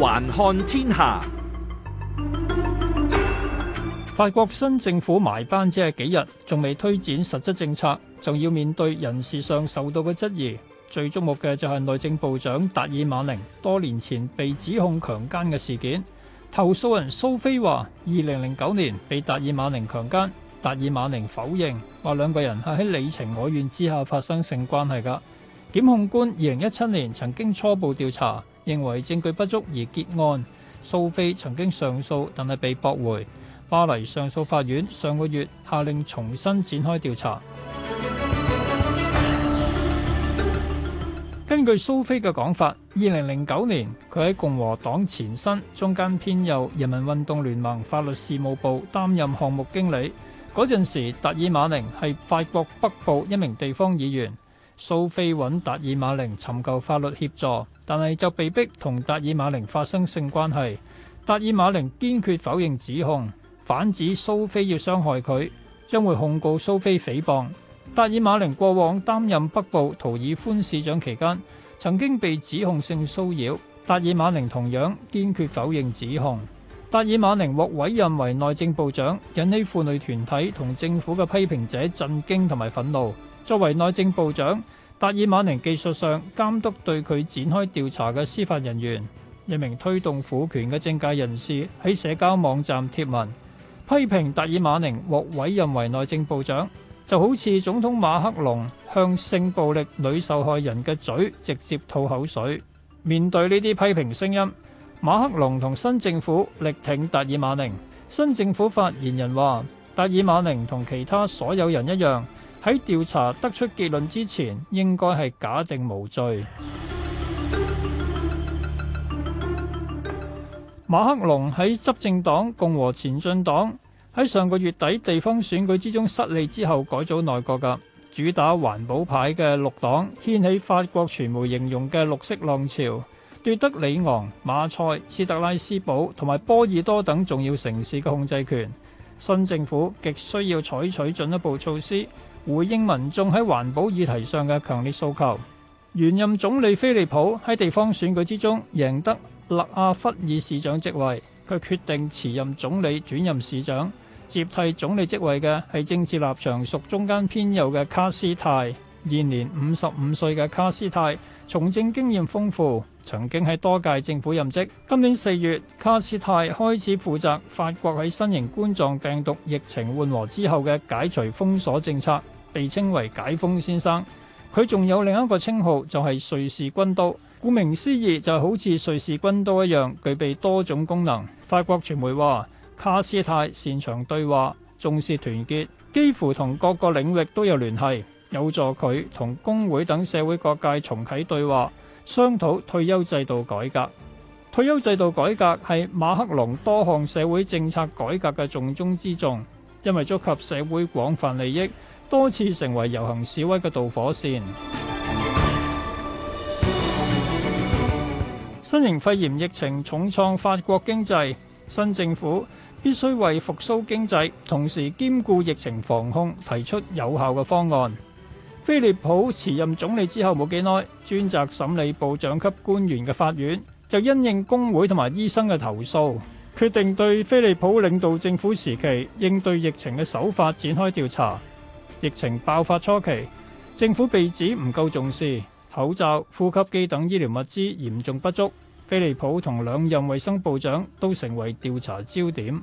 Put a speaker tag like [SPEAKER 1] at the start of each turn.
[SPEAKER 1] 環看天下，法國新政府埋班只係幾日，仲未推展實質政策，就要面對人事上受到嘅質疑。最矚目嘅就係內政部長達爾馬寧，多年前被指控強姦嘅事件，投訴人蘇菲話二零零九年被達爾馬寧強姦，達爾馬寧否認，話兩個人係喺你情我願之下發生性關係噶。檢控官二零一七年曾經初步調查，認為證據不足而結案。蘇菲曾經上訴，但係被駁回。巴黎上訴法院上個月下令重新展開調查。根據蘇菲嘅講法，二零零九年佢喺共和黨前身中間偏右人民運動聯盟法律事務部擔任項目經理。嗰陣時，達爾馬寧係法國北部一名地方議員。蘇菲揾達爾馬寧尋求法律協助，但係就被逼同達爾馬寧發生性關係。達爾馬寧堅決否認指控，反指蘇菲要傷害佢，將會控告蘇菲誹謗。達爾馬寧過往擔任北部圖爾歡市長期間，曾經被指控性騷擾。達爾馬寧同樣堅決否認指控。達爾馬寧獲委任為內政部長，引起婦女團體同政府嘅批評者震驚同埋憤怒。作為內政部長，達爾馬寧技術上監督對佢展開調查嘅司法人員，一名推動婦權嘅政界人士喺社交網站貼文，批評達爾馬寧獲委任為內政部長，就好似總統馬克龍向性暴力女受害人嘅嘴直接吐口水。面對呢啲批評聲音，馬克龍同新政府力挺達爾馬寧。新政府發言人話：達爾馬寧同其他所有人一樣。喺調查得出結論之前，應該係假定無罪。馬克龍喺執政黨共和前進黨喺上個月底地方選舉之中失利之後，改組內閣嘅主打環保牌嘅綠黨，掀起法國傳媒形容嘅綠色浪潮，奪得里昂、馬賽、斯特拉斯堡同埋波爾多等重要城市嘅控制權。新政府極需要採取進一步措施。回應民眾喺環保議題上嘅強烈訴求，原任總理菲利普喺地方選舉之中贏得勒阿弗爾市長職位，佢決定辭任總理，轉任市長，接替總理職位嘅係政治立場屬中間偏右嘅卡斯泰。現年五十五歲嘅卡斯泰，從政經驗豐富，曾經喺多屆政府任職。今年四月，卡斯泰開始負責法國喺新型冠狀病毒疫情緩和之後嘅解除封鎖政策，被稱為解封先生。佢仲有另一個稱號，就係瑞士軍刀。顧名思義，就好似瑞士軍刀一樣，具備多種功能。法國傳媒話，卡斯泰擅長對話，重視團結，幾乎同各個領域都有聯繫。有助佢同工會等社會各界重啟對話，商討退休制度改革。退休制度改革係馬克龍多項社會政策改革嘅重中之重，因為觸及社會廣泛利益，多次成為遊行示威嘅導火線。新型肺炎疫情重創法國經濟，新政府必須為復蘇經濟同時兼顧疫情防控，提出有效嘅方案。菲利普辭任總理之後冇幾耐，專責審理部長級官員嘅法院就因應工會同埋醫生嘅投訴，決定對菲利普領導政府時期應對疫情嘅手法展開調查。疫情爆發初期，政府被指唔夠重視，口罩、呼吸機等醫療物資嚴重不足，菲利普同兩任衛生部長都成為調查焦點。